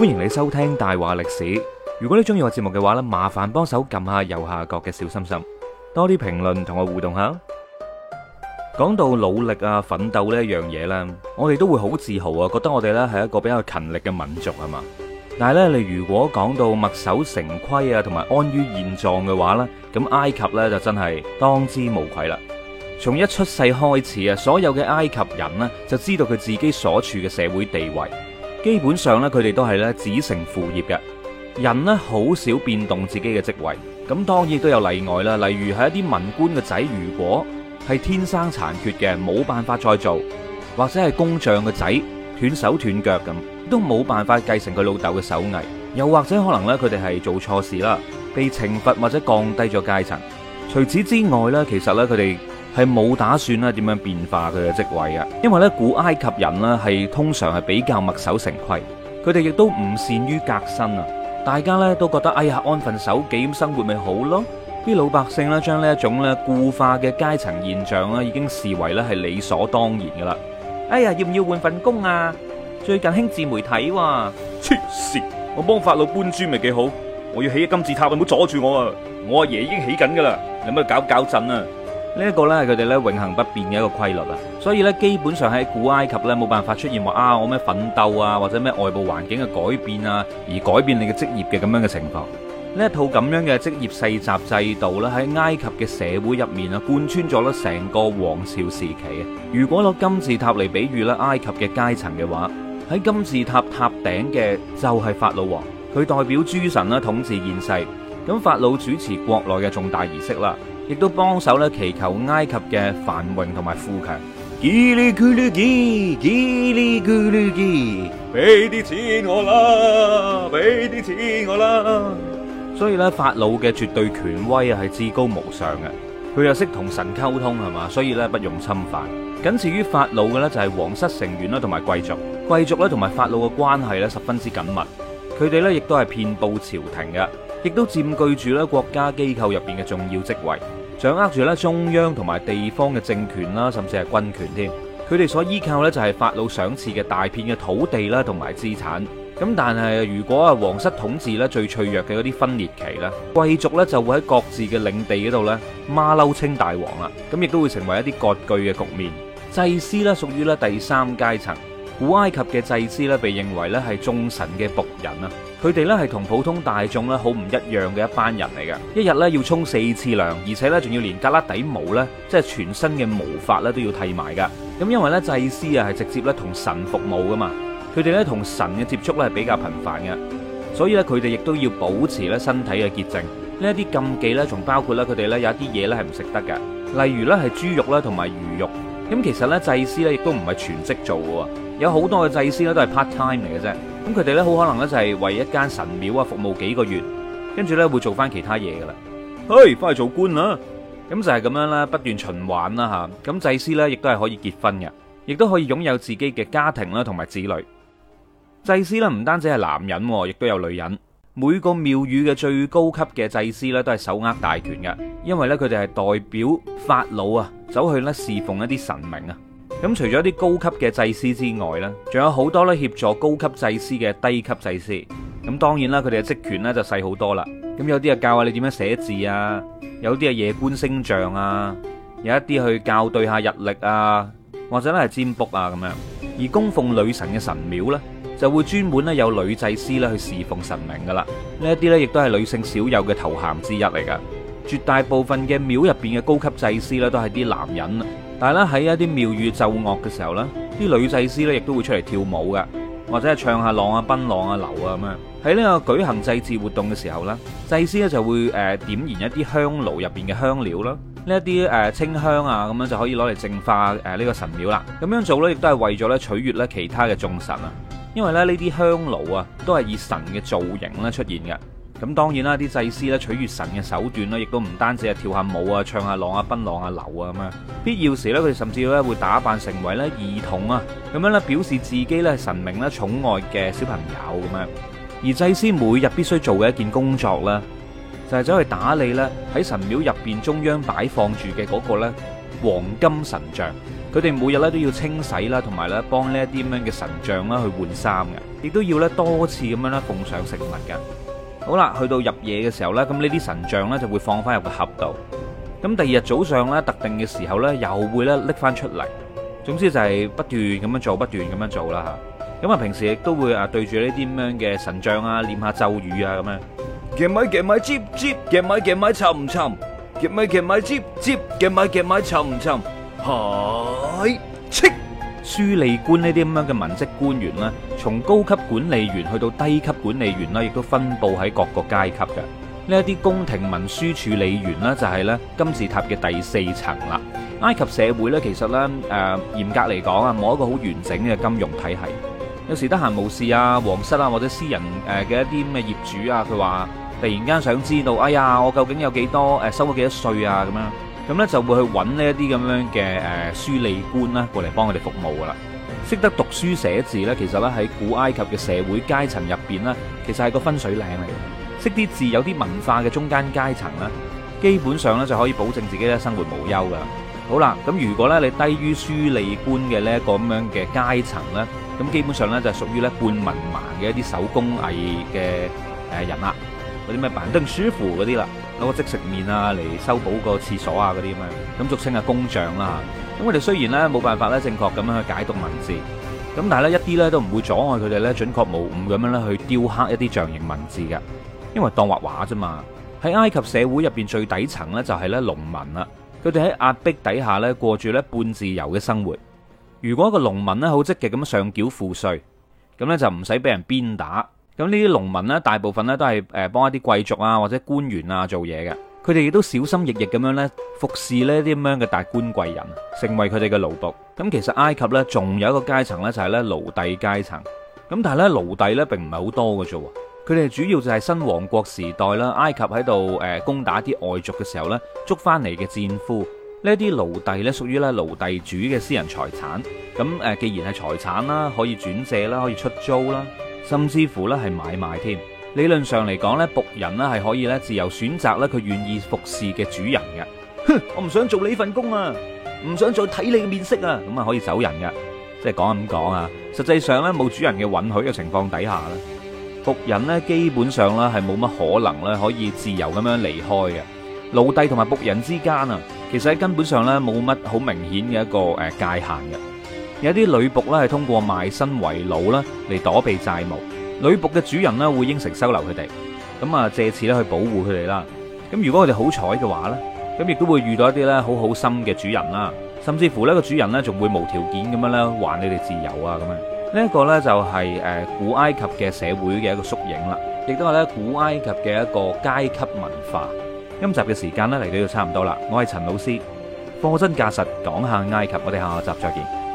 歡迎你收聽大話歷史。如果你中意我節目嘅話呢，麻煩幫手撳下右下角嘅小心心，多啲評論同我互動下。講到努力啊、奮鬥呢一樣嘢呢，我哋都會好自豪啊，覺得我哋呢係一個比較勤力嘅民族係嘛。但係呢，你如果講到墨守成規啊，同埋安於現狀嘅話呢，咁埃及呢就真係當之無愧啦。從一出世開始啊，所有嘅埃及人呢就知道佢自己所處嘅社會地位。基本上咧，佢哋都係咧子承父業嘅人咧，好少變動自己嘅職位。咁當然都有例外啦，例如係一啲文官嘅仔，如果係天生殘缺嘅，冇辦法再做，或者係工匠嘅仔斷手斷腳咁，都冇辦法繼承佢老豆嘅手藝。又或者可能咧，佢哋係做錯事啦，被懲罰或者降低咗階層。除此之外咧，其實咧佢哋。係冇打算啦，點樣變化佢嘅職位啊？因為咧，古埃及人咧係通常係比較墨守成規，佢哋亦都唔善於革新啊！大家咧都覺得哎呀，安分守己咁生活咪好咯？啲老百姓咧將呢一種咧固化嘅階層現象啦，已經視為咧係理所當然噶啦！哎呀，要唔要換份工啊？最近興自媒體喎，黐線！我幫法老搬磚咪幾好？我要起金字塔，你唔好阻住我啊！我阿爺爺已經起緊噶啦，你唔好搞搞震啊！呢一個咧係佢哋呢，永恆不變嘅一個規律啊，所以呢，基本上喺古埃及呢，冇辦法出現話啊我咩奮鬥啊或者咩外部環境嘅改變啊而改變你嘅職業嘅咁樣嘅情況。呢一套咁樣嘅職業世襲制度呢，喺埃及嘅社會入面啊貫穿咗咧成個王朝時期啊。如果攞金字塔嚟比喻咧埃及嘅階層嘅話，喺金字塔塔頂嘅就係法老王，佢代表諸神啦統治現世，咁法老主持國內嘅重大儀式啦。亦都幫手咧祈求埃及嘅繁榮同埋富強。俾啲錢我啦，俾啲錢我啦。所以咧，法老嘅絕對權威啊，係至高無上嘅。佢又識同神溝通係嘛，所以咧不用侵犯。僅次於法老嘅呢就係皇室成員啦，同埋貴族。貴族咧同埋法老嘅關係咧十分之緊密。佢哋咧亦都係遍佈朝廷嘅，亦都佔據住咧國家機構入邊嘅重要職位。掌握住咧中央同埋地方嘅政權啦，甚至係軍權添。佢哋所依靠呢，就係法老賞賜嘅大片嘅土地啦，同埋資產。咁但係如果啊皇室統治咧最脆弱嘅嗰啲分裂期咧，貴族咧就會喺各自嘅領地嗰度咧馬騮稱大王啦。咁亦都會成為一啲割據嘅局面。祭司咧屬於咧第三階層。古埃及嘅祭司咧，被認為咧係眾神嘅僕人啊。佢哋咧係同普通大眾咧好唔一樣嘅一班人嚟嘅。一日咧要沖四次涼，而且咧仲要連胳肋底毛咧，即係全身嘅毛髮咧都要剃埋噶。咁因為咧祭司啊係直接咧同神服務噶嘛，佢哋咧同神嘅接觸咧係比較頻繁嘅，所以咧佢哋亦都要保持咧身體嘅潔淨。呢一啲禁忌咧，仲包括咧佢哋咧有一啲嘢咧係唔食得嘅，例如咧係豬肉啦同埋魚肉。咁其實咧祭司咧亦都唔係全職做嘅。有好多嘅祭司咧都係 part time 嚟嘅啫，咁佢哋呢好可能呢就係為一間神廟啊服務幾個月，跟住呢會做翻其他嘢噶啦，嘿，翻去做官啦，咁就係咁樣啦，不斷循環啦吓，咁祭司呢亦都係可以結婚嘅，亦都可以擁有自己嘅家庭啦同埋子女。祭司呢唔單止係男人，亦都有女人。每個廟宇嘅最高級嘅祭司呢都係手握大權嘅，因為呢，佢哋係代表法老啊，走去呢侍奉一啲神明啊。咁除咗啲高級嘅祭司之外呢，仲有好多呢協助高級祭司嘅低級祭司。咁當然啦，佢哋嘅職權呢就細好多啦。咁有啲啊教下你點樣寫字啊，有啲係夜觀星象啊，有一啲去校對下日曆啊，或者咧係占卜啊咁樣。而供奉女神嘅神廟呢，就會專門呢有女祭司呢去侍奉神明噶啦。呢一啲呢亦都係女性少有嘅頭銜之一嚟噶。絕大部分嘅廟入邊嘅高級祭司呢，都係啲男人。但係咧，喺一啲廟宇奏樂嘅時候，呢啲女祭司呢亦都會出嚟跳舞嘅，或者係唱下浪啊、奔浪啊、流啊咁樣。喺呢個舉行祭祀活動嘅時候，呢祭司呢就會誒點燃一啲香爐入邊嘅香料啦。呢一啲誒清香啊，咁樣就可以攞嚟淨化誒呢個神廟啦。咁樣做呢，亦都係為咗咧取悦咧其他嘅眾神啊。因為咧呢啲香爐啊，都係以神嘅造型咧出現嘅。咁當然啦，啲祭司咧取悅神嘅手段咧，亦都唔單止係跳下舞啊、唱下浪啊、奔浪啊、流啊咁樣。必要時咧，佢甚至咧會打扮成為咧兒童啊，咁樣咧表示自己咧係神明咧寵愛嘅小朋友咁樣。而祭司每日必須做嘅一件工作啦，就係走去打理咧喺神廟入邊中央擺放住嘅嗰個咧黃金神像。佢哋每日咧都要清洗啦，同埋咧幫呢一啲咁樣嘅神像啦去換衫嘅，亦都要咧多次咁樣奉上食物嘅。好啦，去到入夜嘅時候咧，咁呢啲神像咧就會放翻入個盒度。咁第二日早上咧，特定嘅時候咧，又會咧拎翻出嚟。總之就係不斷咁樣做，不斷咁樣做啦吓。咁啊，平時亦都會啊對住呢啲咁樣嘅神像啊念下咒語啊咁樣。書吏官呢啲咁樣嘅文職官員呢，從高級管理員去到低級管理員呢，亦都分布喺各個階級嘅。呢一啲宮廷文書處理員呢就係呢金字塔嘅第四層啦。埃及社會呢，其實呢誒嚴格嚟講啊，冇一個好完整嘅金融體系。有時得閒無事啊，皇室啊或者私人誒嘅一啲咩業主啊，佢話突然間想知道，哎呀，我究竟有幾多誒收咗幾多稅啊咁樣。咁呢就會去揾呢一啲咁樣嘅誒書吏官啦，過嚟幫佢哋服務噶啦。識得讀書寫字呢，其實呢喺古埃及嘅社會階層入面呢，其實係個分水嶺嚟嘅。識啲字有啲文化嘅中間階層呢，基本上呢就可以保證自己咧生活無憂噶。好啦，咁如果呢你低於書吏官嘅呢一個咁樣嘅階層呢，咁基本上呢就屬於呢半文盲嘅一啲手工藝嘅誒人啦。嗰啲咩板凳舒服嗰啲啦，攞個即食麵啊嚟修補個廁所啊嗰啲咁樣，咁俗稱係工匠啦。咁我哋雖然呢冇辦法呢正確咁樣去解讀文字，咁但係呢一啲呢都唔會阻礙佢哋呢準確無誤咁樣去雕刻一啲象形文字嘅，因為當畫畫啫嘛。喺埃及社會入邊最底層呢就係呢農民啦，佢哋喺壓迫底下呢過住呢半自由嘅生活。如果一個農民呢好積極咁上繳賦稅，咁呢就唔使俾人鞭打。咁呢啲農民呢大部分呢都係誒幫一啲貴族啊或者官員啊做嘢嘅，佢哋亦都小心翼翼咁樣呢服侍呢啲咁樣嘅達官貴人，成為佢哋嘅奴僕。咁其實埃及呢，仲有一個階層呢，就係呢奴隸階層。咁但係呢奴隸呢，並唔係好多嘅啫，佢哋主要就係新王國時代啦，埃及喺度誒攻打啲外族嘅時候呢，捉翻嚟嘅戰俘，呢啲奴隸呢，屬於呢奴隸主嘅私人財產。咁誒既然係財產啦，可以轉借啦，可以出租啦。甚至乎咧係買賣添，理論上嚟講咧僕人咧係可以咧自由選擇咧佢願意服侍嘅主人嘅。哼，我唔想做你份工啊，唔想再睇你嘅面色啊，咁啊可以走人嘅，即係講咁講啊。實際上咧冇主人嘅允許嘅情況底下咧，僕人咧基本上咧係冇乜可能咧可以自由咁樣離開嘅。奴隸同埋僕人之間啊，其實根本上咧冇乜好明顯嘅一個誒界限嘅。有啲女僕咧，係通過賣身為奴啦嚟躲避債務。女僕嘅主人呢，會應承收留佢哋，咁啊，借此咧去保護佢哋啦。咁如果佢哋好彩嘅話呢，咁亦都會遇到一啲咧好好心嘅主人啦，甚至乎呢個主人呢，仲會無條件咁樣咧還你哋自由啊。咁樣呢一個呢，就係誒古埃及嘅社會嘅一個縮影啦，亦都係咧古埃及嘅一個階級文化。今集嘅時間呢，嚟到就差唔多啦。我係陳老師，貨真價實講下埃及。我哋下集再見。